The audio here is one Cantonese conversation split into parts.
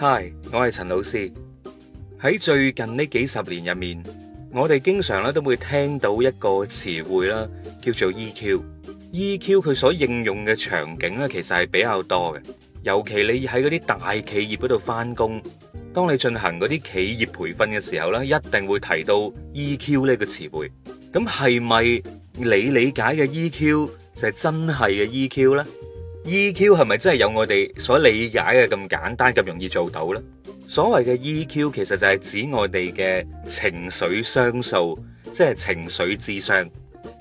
嗨，Hi, 我係陳老師。喺最近呢幾十年入面，我哋經常咧都會聽到一個詞彙啦，叫做 EQ。EQ 佢所應用嘅場景咧，其實係比較多嘅。尤其你喺嗰啲大企業嗰度返工，當你進行嗰啲企業培訓嘅時候咧，一定會提到 EQ 呢個詞彙。咁係咪你理解嘅 EQ 就係真係嘅 EQ 呢？EQ 係咪真係有我哋所理解嘅咁簡單咁容易做到呢？所謂嘅 EQ 其實就係指我哋嘅情緒商數，即係情緒智商。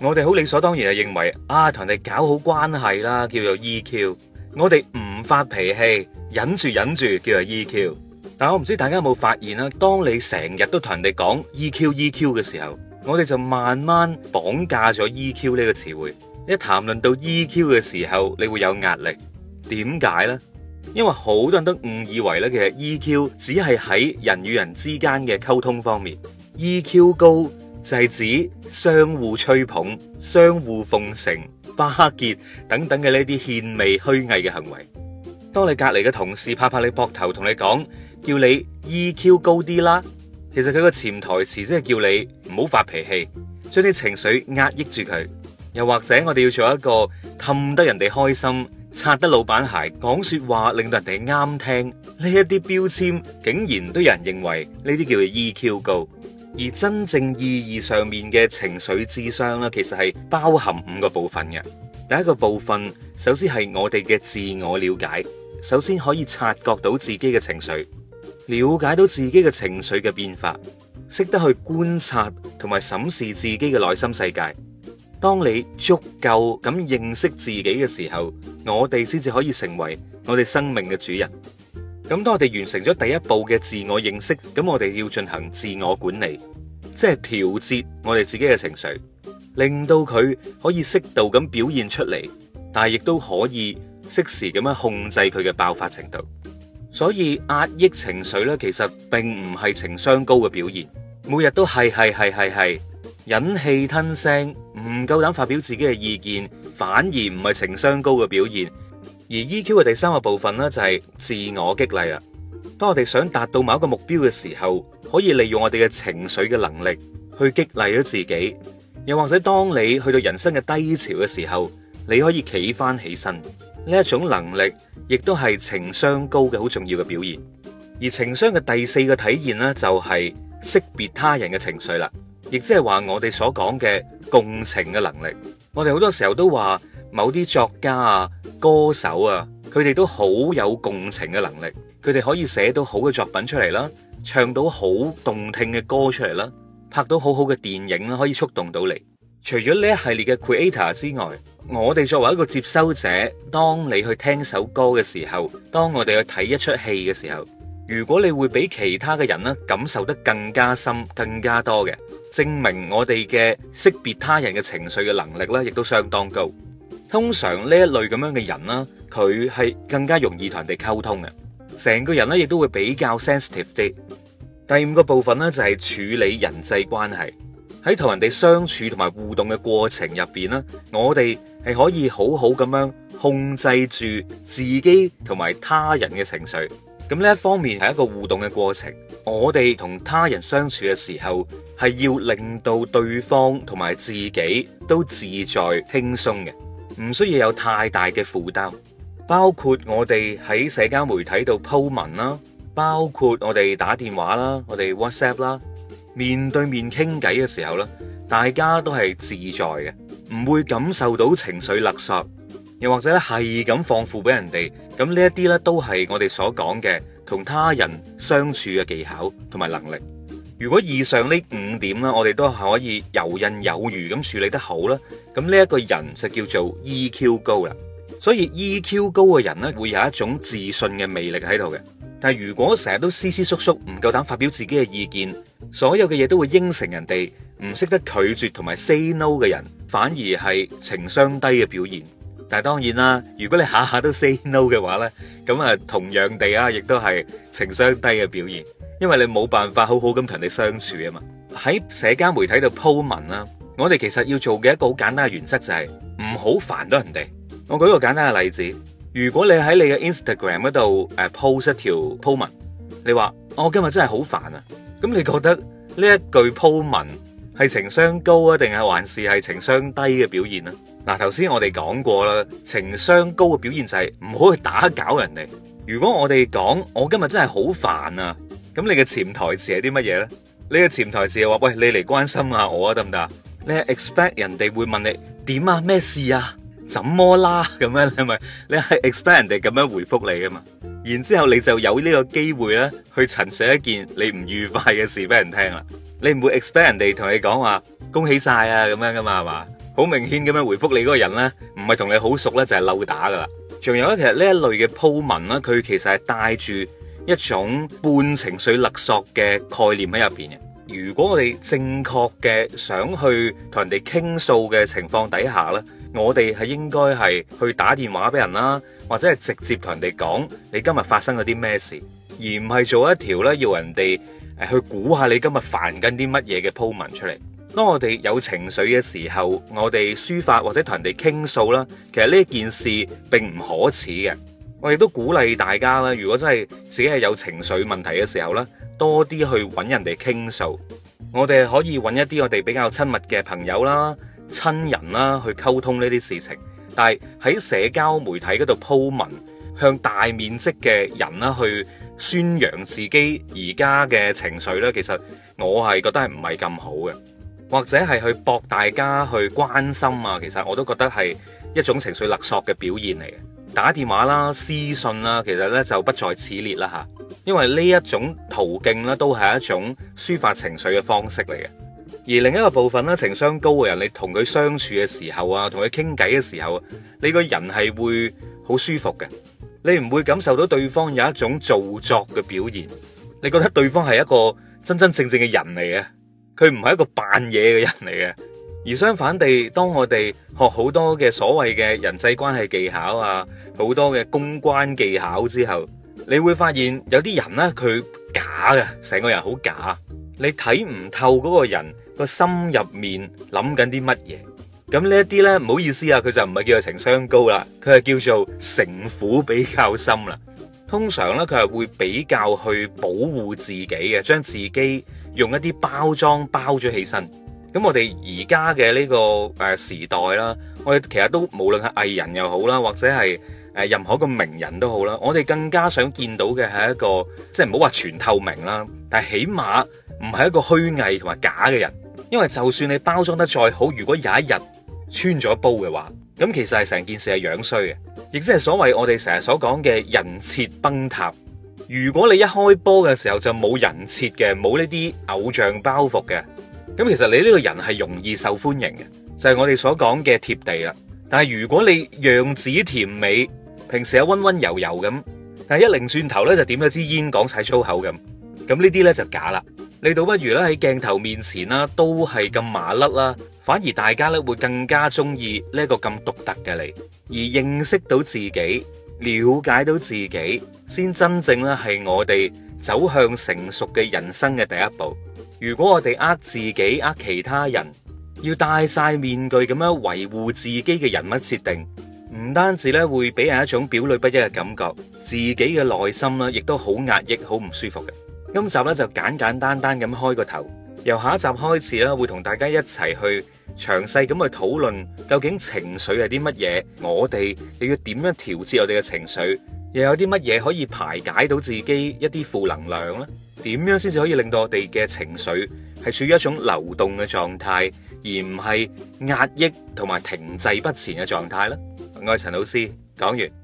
我哋好理所當然就認為啊，同人哋搞好關係啦，叫做 EQ。我哋唔發脾氣，忍住忍住，叫做 EQ。但我唔知大家有冇發現啊，當你成日都同人哋講 EQ、e、EQ 嘅時候，我哋就慢慢綁架咗 EQ 呢個詞彙。一談論到 EQ 嘅時候，你會有壓力？點解呢？因為好多人都誤以為呢，其實 EQ 只係喺人與人之間嘅溝通方面，EQ 高就係指相互吹捧、相互奉承、巴結等等嘅呢啲獻媚虛偽嘅行為。當你隔籬嘅同事拍拍你膊頭同你講，叫你 EQ 高啲啦，其實佢個潛台詞即係叫你唔好發脾氣，將啲情緒壓抑住佢。又或者我哋要做一個氹得人哋開心、擦得老闆鞋、講說話令到人哋啱聽呢一啲標籤，竟然都有人認為呢啲叫做 EQ 高。而真正意義上面嘅情緒智商咧，其實係包含五個部分嘅。第一個部分，首先係我哋嘅自我了解，首先可以察覺到自己嘅情緒，了解到自己嘅情緒嘅變化，識得去觀察同埋審視自己嘅內心世界。當你足夠咁認識自己嘅時候，我哋先至可以成為我哋生命嘅主人。咁，當我哋完成咗第一步嘅自我認識，咁我哋要進行自我管理，即係調節我哋自己嘅情緒，令到佢可以適度咁表現出嚟，但係亦都可以適時咁樣控制佢嘅爆發程度。所以壓抑情緒呢，其實並唔係情商高嘅表現。每日都係係係係係忍氣吞聲。唔夠膽發表自己嘅意見，反而唔係情商高嘅表現。而 EQ 嘅第三個部分呢，就係自我激勵啦。當我哋想達到某一個目標嘅時候，可以利用我哋嘅情緒嘅能力去激勵咗自己。又或者當你去到人生嘅低潮嘅時候，你可以企翻起身呢一種能力，亦都係情商高嘅好重要嘅表現。而情商嘅第四個體現呢，就係識別他人嘅情緒啦，亦即係話我哋所講嘅。共情嘅能力，我哋好多時候都話某啲作家啊、歌手啊，佢哋都好有共情嘅能力，佢哋可以寫到好嘅作品出嚟啦，唱到好動聽嘅歌出嚟啦，拍到好好嘅電影啦，可以觸動到你。除咗呢一系列嘅 creator 之外，我哋作為一個接收者，當你去聽首歌嘅時候，當我哋去睇一出戲嘅時候。如果你會比其他嘅人啦，感受得更加深、更加多嘅，證明我哋嘅識別他人嘅情緒嘅能力咧，亦都相當高。通常呢一類咁樣嘅人啦，佢係更加容易同人哋溝通嘅，成個人咧亦都會比較 sensitive 啲。第五個部分咧就係處理人際關係，喺同人哋相處同埋互動嘅過程入邊咧，我哋係可以好好咁樣控制住自己同埋他人嘅情緒。咁呢一方面係一個互動嘅過程，我哋同他人相處嘅時候，係要令到對方同埋自己都自在輕鬆嘅，唔需要有太大嘅負擔。包括我哋喺社交媒體度鋪文啦，包括我哋打電話啦，我哋 WhatsApp 啦，面對面傾偈嘅時候啦，大家都係自在嘅，唔會感受到情緒勒索。又或者咧，係咁放負俾人哋，咁呢一啲咧，都係我哋所講嘅同他人相處嘅技巧同埋能力。如果以上呢五點啦，我哋都可以游刃有餘咁處理得好啦，咁呢一個人就叫做 E.Q. 高啦。所以 E.Q. 高嘅人咧，會有一種自信嘅魅力喺度嘅。但係如果成日都思思縮縮，唔夠膽發表自己嘅意見，所有嘅嘢都會應承人哋，唔識得拒絕同埋 say no 嘅人，反而係情商低嘅表現。但係當然啦，如果你下下都 say no 嘅話呢，咁啊同樣地啊，亦都係情商低嘅表現，因為你冇辦法好好咁同你相處啊嘛。喺社交媒體度鋪文啦，我哋其實要做嘅一個好簡單嘅原則就係唔好煩到人哋。我舉個簡單嘅例子，如果你喺你嘅 Instagram 嗰度誒 post 一條鋪文，你話我、哦、今日真係好煩啊，咁你覺得呢一句鋪文係情商高啊，定係還是係情商低嘅表現呢？嗱，頭先我哋講過啦，情商高嘅表現就係唔好去打攪人哋。如果我哋講我今日真係好煩啊，咁你嘅潛台詞係啲乜嘢呢？你嘅潛台詞係話喂，你嚟關心下我啊，得唔得？你 expect 人哋會問你點啊？咩事啊？怎麼啦？咁樣係咪你係 expect 人哋咁樣回覆你噶嘛？然之後你就有個機呢個機會咧，去陳述一件你唔愉快嘅事俾人聽啦。你唔會 expect 人哋同你講話恭喜晒啊咁樣噶嘛？係嘛？好明顯咁樣回覆你嗰個人呢，唔係同你好熟呢，就係、是、漏打噶啦。仲有呢，其實呢一類嘅鋪文呢，佢其實係帶住一種半情緒勒索嘅概念喺入邊嘅。如果我哋正確嘅想去同人哋傾訴嘅情況底下呢，我哋係應該係去打電話俾人啦，或者係直接同人哋講你今日發生咗啲咩事，而唔係做一條呢，要人哋去估下你今日煩緊啲乜嘢嘅鋪文出嚟。當我哋有情緒嘅時候，我哋抒發或者同人哋傾訴啦，其實呢件事並唔可恥嘅。我亦都鼓勵大家啦，如果真係自己係有情緒問題嘅時候啦，多啲去揾人哋傾訴。我哋可以揾一啲我哋比較親密嘅朋友啦、親人啦去溝通呢啲事情。但係喺社交媒體嗰度鋪文，向大面積嘅人啦去宣揚自己而家嘅情緒咧，其實我係覺得係唔係咁好嘅。或者係去博大家去關心啊，其實我都覺得係一種情緒勒索嘅表現嚟嘅。打電話啦、私信啦、啊，其實呢就不在此列啦吓。因為呢一種途徑咧都係一種抒發情緒嘅方式嚟嘅。而另一個部分咧，情商高嘅人，你同佢相處嘅時候啊，同佢傾偈嘅時候，啊，你個人係會好舒服嘅。你唔會感受到對方有一種做作嘅表現，你覺得對方係一個真真正正嘅人嚟嘅。佢唔係一個扮嘢嘅人嚟嘅。而相反地，當我哋學好多嘅，所謂嘅人際關係技巧啊，好多嘅公關技巧之後，你會發現有啲人呢，佢假嘅，成個人好假，你睇唔透嗰個人個心入面諗緊啲乜嘢。咁呢一啲呢，唔好意思啊，佢就唔係叫做情商高啦，佢係叫做城府比較深啦。通常呢，佢係會比較去保護自己嘅，將自己。用一啲包裝包咗起身，咁我哋而家嘅呢個誒、呃、時代啦，我哋其實都無論係藝人又好啦，或者係誒任何一個名人都好啦，我哋更加想見到嘅係一個即係唔好話全透明啦，但係起碼唔係一個虛偽同埋假嘅人，因為就算你包裝得再好，如果有一日穿咗煲嘅話，咁其實係成件事係樣衰嘅，亦即係所謂我哋成日所講嘅人設崩塌。如果你一開波嘅時候就冇人設嘅，冇呢啲偶像包袱嘅，咁其實你呢個人係容易受歡迎嘅，就係我哋所講嘅貼地啦。但係如果你樣子甜美，平時又温温柔柔咁，但係一擰轉頭咧就點咗一支煙講晒粗口咁，咁呢啲咧就假啦。你倒不如咧喺鏡頭面前啦，都係咁麻甩啦，反而大家咧會更加中意呢個咁獨特嘅你，而認識到自己，了解到自己，先真正咧係我哋走向成熟嘅人生嘅第一步。如果我哋呃自己、呃其他人，要戴晒面具咁樣維護自己嘅人物設定，唔單止咧會俾人一種表裏不一嘅感覺，自己嘅內心啦亦都好壓抑、好唔舒服嘅。今集咧就簡簡單單咁開個頭，由下一集開始啦，會同大家一齊去詳細咁去討論究竟情緒係啲乜嘢，我哋又要點樣調節我哋嘅情緒？又有啲乜嘢可以排解到自己一啲負能量呢？點樣先至可以令到我哋嘅情緒係處於一種流動嘅狀態，而唔係壓抑同埋停滯不前嘅狀態呢？我係陳老師，講完。